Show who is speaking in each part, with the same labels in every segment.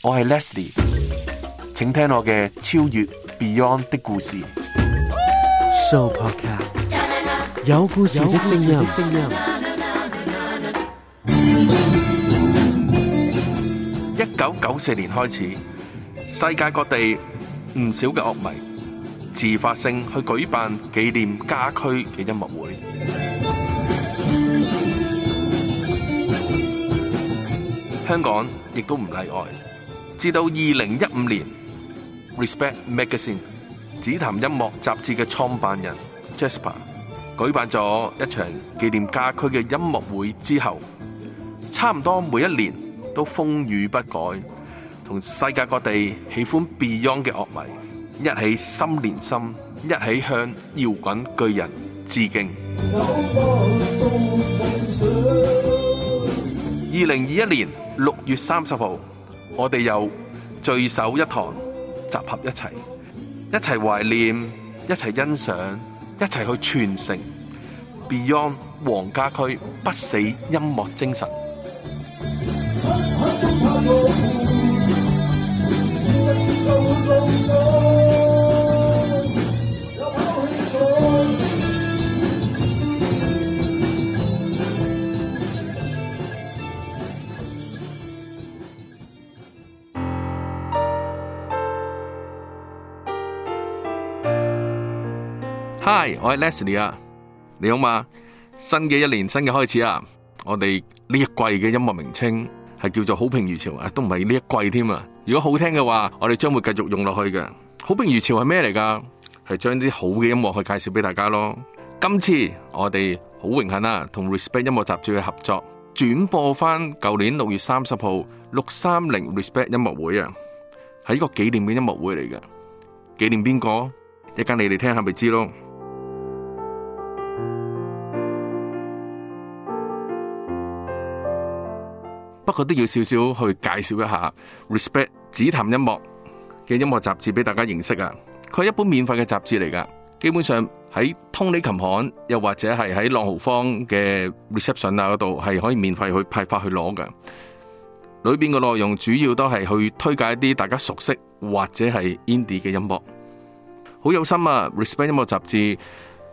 Speaker 1: 我係 Leslie，請聽我嘅超越 Beyond 的故事。
Speaker 2: So Podcast 有故事的聲音。一
Speaker 1: 九九四年開始，世界各地唔少嘅樂迷自發性去舉辦紀念家駒嘅音樂會，香港亦都唔例外。至到二零一五年，Respect Magazine《紫檀音樂雜誌》嘅創辦人 Jasper 舉辦咗一場紀念家駒嘅音樂會之後，差唔多每一年都風雨不改，同世界各地喜歡 Beyond 嘅樂迷一起心連心，一起向搖滾巨人致敬。二零二一年六月三十號。我哋又聚首一堂，集合一齊，一齊懷念，一齊欣賞，一齊去傳承 Beyond 黃家駒不死音樂精神。Hi, 我係 Leslie 啊，你好嘛？新嘅一年，新嘅開始啊！我哋呢一季嘅音樂名稱係叫做好評如潮，啊，都唔係呢一季添啊。如果好聽嘅話，我哋將會繼續用落去嘅《好評如潮》係咩嚟噶？係將啲好嘅音樂去介紹俾大家咯。今次我哋好榮幸啊，同 Respect 音樂雜誌嘅合作轉播翻舊年六月三十號六三零 Respect 音樂會啊，係一個紀念嘅音樂會嚟嘅，紀念邊個？一陣你哋聽下，咪知咯。不過都要少少去介紹一下《Respect 指彈音樂》嘅音樂雜誌俾大家認識啊。佢係一本免費嘅雜誌嚟噶，基本上喺通利琴行又或者係喺浪豪坊嘅 reception 啊嗰度係可以免費去派發去攞嘅。裏邊嘅內容主要都係去推介一啲大家熟悉或者係 indie 嘅音樂，好有心啊！《Respect》音樂雜誌。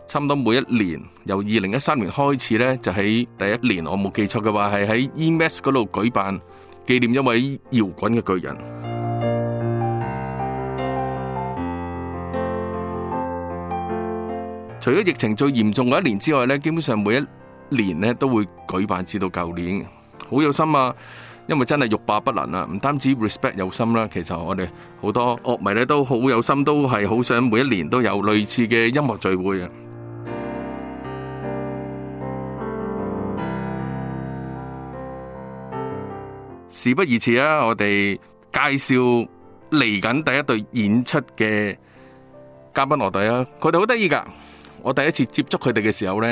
Speaker 1: 差唔多每一年，由二零一三年開始咧，就喺第一年我冇記錯嘅話，係喺 EMEX 嗰度舉辦紀念一位搖滾嘅巨人。 除咗疫情最嚴重嘅一年之外咧，基本上每一年咧都會舉辦，至到舊年好有心啊！因為真係欲罷不能啊，唔單止 Respect 有心啦，啊，其實我哋好多樂迷咧都好有心，都係好想每一年都有類似嘅音樂聚會啊！事不宜遲啊！我哋介紹嚟緊第一隊演出嘅嘉賓樂隊啊，佢哋好得意㗎。我第一次接觸佢哋嘅時候咧，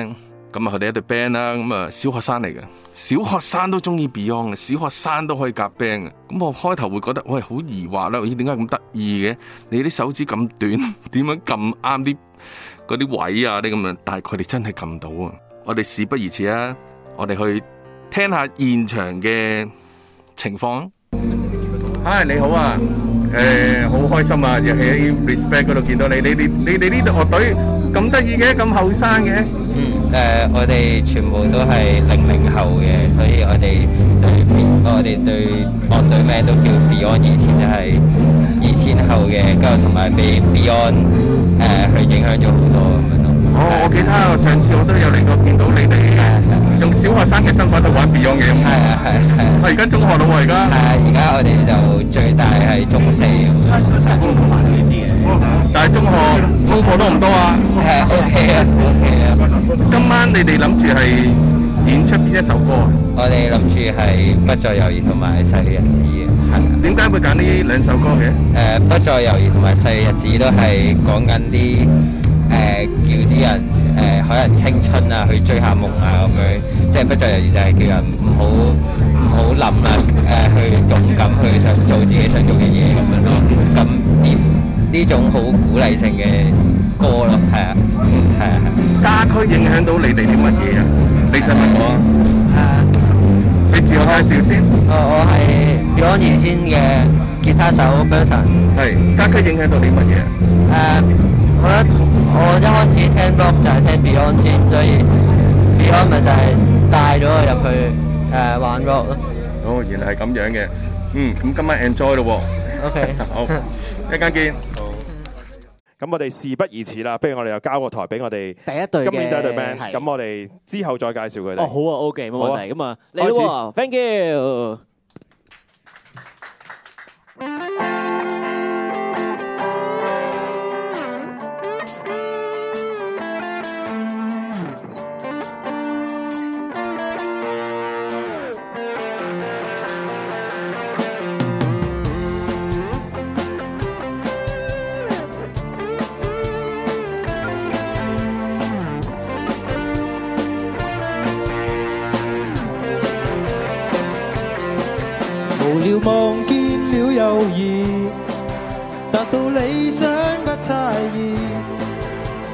Speaker 1: 咁啊，佢哋一隊 band 啦，咁啊，小學生嚟嘅，小學生都鍾意 Beyond，小學生都可以夾 band 嘅。咁我開頭會覺得喂好疑惑啦，咦點解咁得意嘅？你啲手指咁短，點樣撳啱啲啲位啊？啲咁樣，但係佢哋真係撳到啊！我哋事不宜遲啊，我哋去聽下現場嘅情況啊。你好啊，誒，好開心啊！又喺 respect 嗰度
Speaker 3: 見到你，你你你你呢隊樂隊咁得意嘅，咁後生嘅。嗯，誒、呃，我哋全部都係零零後嘅，所以我哋對，我哋對樂隊名都叫 uh, Beyond 以前就係二千後嘅，跟住同埋俾 Beyond 誒、呃、去影響咗好多咁哦，我記得我上次我都有嚟過見到你哋嘅，用小學生嘅身份去玩 Beyond 嘅，係啊係係，我而家中學咯喎而家，係啊而家我哋就最大係中四，中五唔知嘅，但係中學功課多唔多啊？係 OK 啊 OK 啊，今晚你哋諗住係演出邊一首歌啊？我哋諗住係不再猶豫同埋逝去日子嘅，係啊。點解會揀呢兩首歌嘅？誒，不再猶豫同埋逝去日子都係講緊啲。誒，叫啲人誒，可能青春啊，去追下夢啊，咁樣，即係不再猶豫就係叫人唔好唔好諗啊，誒，去勇敢去想做自己想做嘅嘢咁樣咯。咁呢呢種好鼓勵性嘅歌咯，係啊，係啊係。家駒影響到你哋啲乜嘢啊？你想問我？係啊。你自我介紹先。我我係 Beyond 原先嘅吉他手 Bertan。係。家駒影響到啲乜嘢啊？
Speaker 2: 誒。我咧，我一開始聽 rock 就係聽 Beyond 先，所以 Beyond 咪就係帶咗我入去誒玩 rock 咯。哦，原來係咁樣嘅。嗯，
Speaker 1: 咁今晚 enjoy 咯。O K，好，一陣見。好。咁我哋事不宜遲啦，不如我哋又交個台俾我哋第一隊嘅，今年第一隊 band。咁我哋之
Speaker 4: 後再介紹佢哋。哦，好啊，O K，冇問題。咁啊，你好，Thank you。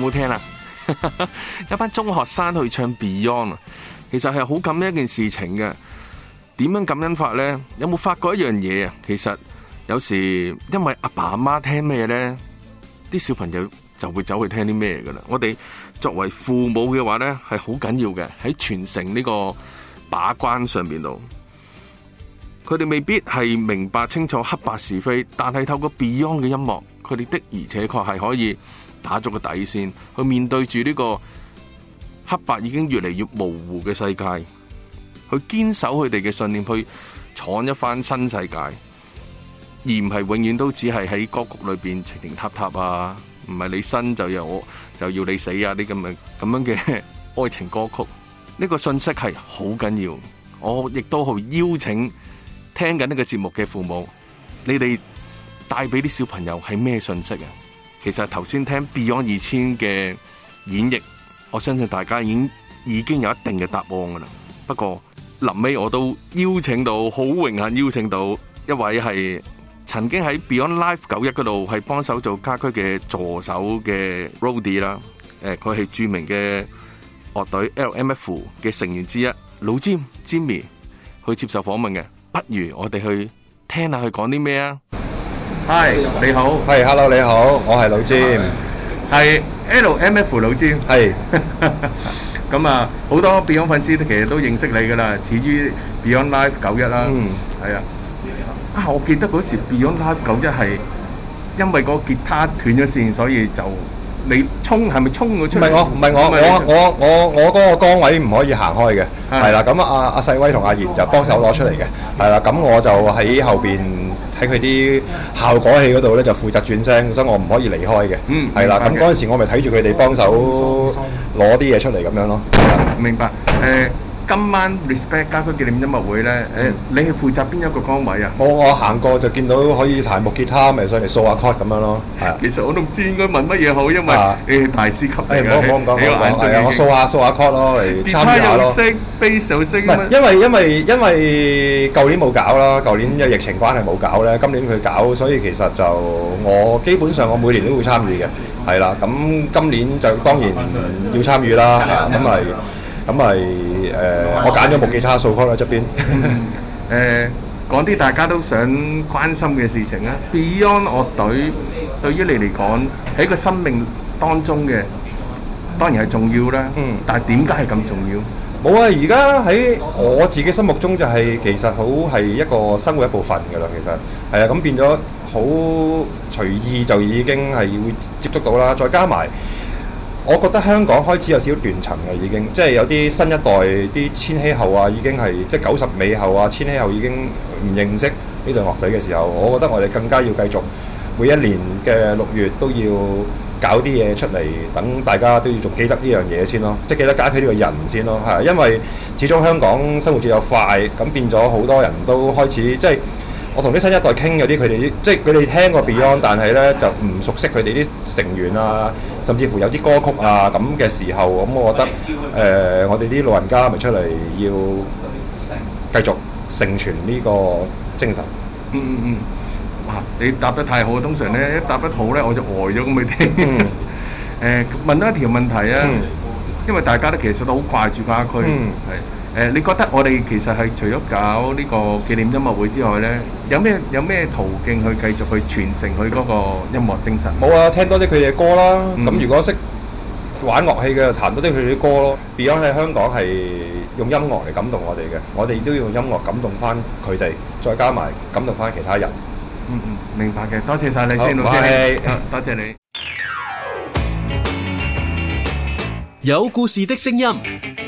Speaker 1: 有冇聽啊，一班中學生去唱 Beyond，其實係好感恩一件事情嘅。點樣感恩法咧？有冇發覺一樣嘢啊？其實有時因為阿爸阿媽聽咩咧，啲小朋友就會走去聽啲咩噶啦。我哋作為父母嘅話咧，係好緊要嘅喺傳承呢個把關上邊度。佢哋未必係明白清楚黑白是非，但係透過 Beyond 嘅音樂，佢哋的而且確係可以。打咗個底線，去面對住呢個黑白已經越嚟越模糊嘅世界，去堅守佢哋嘅信念，去闖一番新世界，而唔係永遠都只係喺歌曲裏邊情情塌塌啊！唔係你生就有我就要你死啊！啲咁樣咁樣嘅愛情歌曲，呢個信息係好緊要。我亦都好邀請聽緊呢個節目嘅父母，你哋帶俾啲小朋友係咩信息啊？其實頭先聽 Beyond 二千嘅演繹，我相信大家已經已經有一定嘅答案噶啦。不過臨尾我都邀請到，好榮幸邀請到一位係曾經喺 Beyond Live 九一嗰度係幫手做家駒嘅助手嘅 Rody 啦。誒，佢係著名嘅樂隊 LMF 嘅成員之一，老詹 Jimmy 去接受訪問嘅。不如我哋去聽下佢講啲咩啊？Hi，你好。係，Hello，你好。我係老詹。係，LMF 老詹。係。咁啊，好多 Beyond 粉絲其實都認識你㗎喇，始於 Beyond Live 九一啦。嗯。係啊。啊，我記得嗰時 Beyond Live 九一係因為個吉他斷咗線，所以就你衝係咪衝咗出嚟？唔係我，唔係我，我我
Speaker 4: 我我嗰個崗位唔可以行開嘅。係啦。咁啊，阿阿世威同阿賢就幫手攞出嚟嘅。係啦。咁我就喺後邊。喺佢啲效果器嗰度咧，就負責轉聲。所以我唔可以離開嘅。嗯，係啦，咁嗰陣時我咪睇住佢哋幫手攞啲嘢出嚟咁樣咯。明白。呃今晚 Respect 家駒紀念音樂會咧，誒，你係負責邊一個崗位啊？我我行過就見到可以彈木吉他，咪上嚟掃下 chord 咁樣咯。係
Speaker 1: 啊，其實我都唔知應該問乜嘢好，因為誒大師級嘅，係啊，我掃下
Speaker 4: 掃下 chord 咯，嚟參加咯。電梯有聲
Speaker 1: ，base 有聲。唔
Speaker 4: 係，因為因為因為舊年冇搞啦，舊年有疫情關係冇搞咧，今年佢搞，所以其實就我基本上我每年都會參與嘅，係啦。咁今年就當然要參與啦，嚇咁咪咁咪。誒，我揀咗木吉他掃 code 出邊。誒，講啲大家都想關心嘅事情啦。Beyond 樂隊
Speaker 1: 對於你嚟講，喺個生命當中嘅，當然係重要啦。
Speaker 4: 嗯。但係點解係咁重要？冇啊！而家喺我自己心目中就係其實好係一個生活一部分㗎啦。其實係啊，咁變咗好隨意就已經係會接觸到啦。再加埋。我覺得香港開始有少少斷層啦，已經即係有啲新一代啲千禧後啊，已經係即係九十尾後啊、千禧後已經唔認識呢隊樂隊嘅時候，我覺得我哋更加要繼續每一年嘅六月都要搞啲嘢出嚟，等大家都要仲記得呢樣嘢先咯，即係記得家姐呢個人先咯，係因為始終香港生活節奏快，咁變咗好多人都開始即係。我同啲新一代傾有啲佢哋啲，即係佢哋聽過 Beyond，但係咧就唔熟悉佢哋啲成員啊，甚至乎有啲歌曲啊咁嘅時候，咁、嗯、我覺得、呃、我哋啲老人家咪出嚟要繼續承傳呢個精神。嗯
Speaker 1: 嗯嗯。你答得太好，通常咧一答得好咧我就呆咗，咁你哋。問多一條問題啊，嗯、因為大家都其實都好掛住家駒。嗯，誒，你覺得我哋其實係除咗搞呢個
Speaker 4: 紀念音樂會之外咧，有咩有咩途徑去繼續去傳承佢嗰個音樂精神？冇啊，聽多啲佢哋嘅歌啦。咁如果識玩樂器嘅，彈多啲佢哋啲歌咯。Beyond 喺香港係用音樂嚟感動我哋嘅，我哋都要用音樂感動翻佢哋，再加埋感動翻其他人。嗯嗯，明白嘅，多謝晒你先老師，
Speaker 1: 多謝你。
Speaker 4: 有故
Speaker 1: 事
Speaker 2: 的聲音。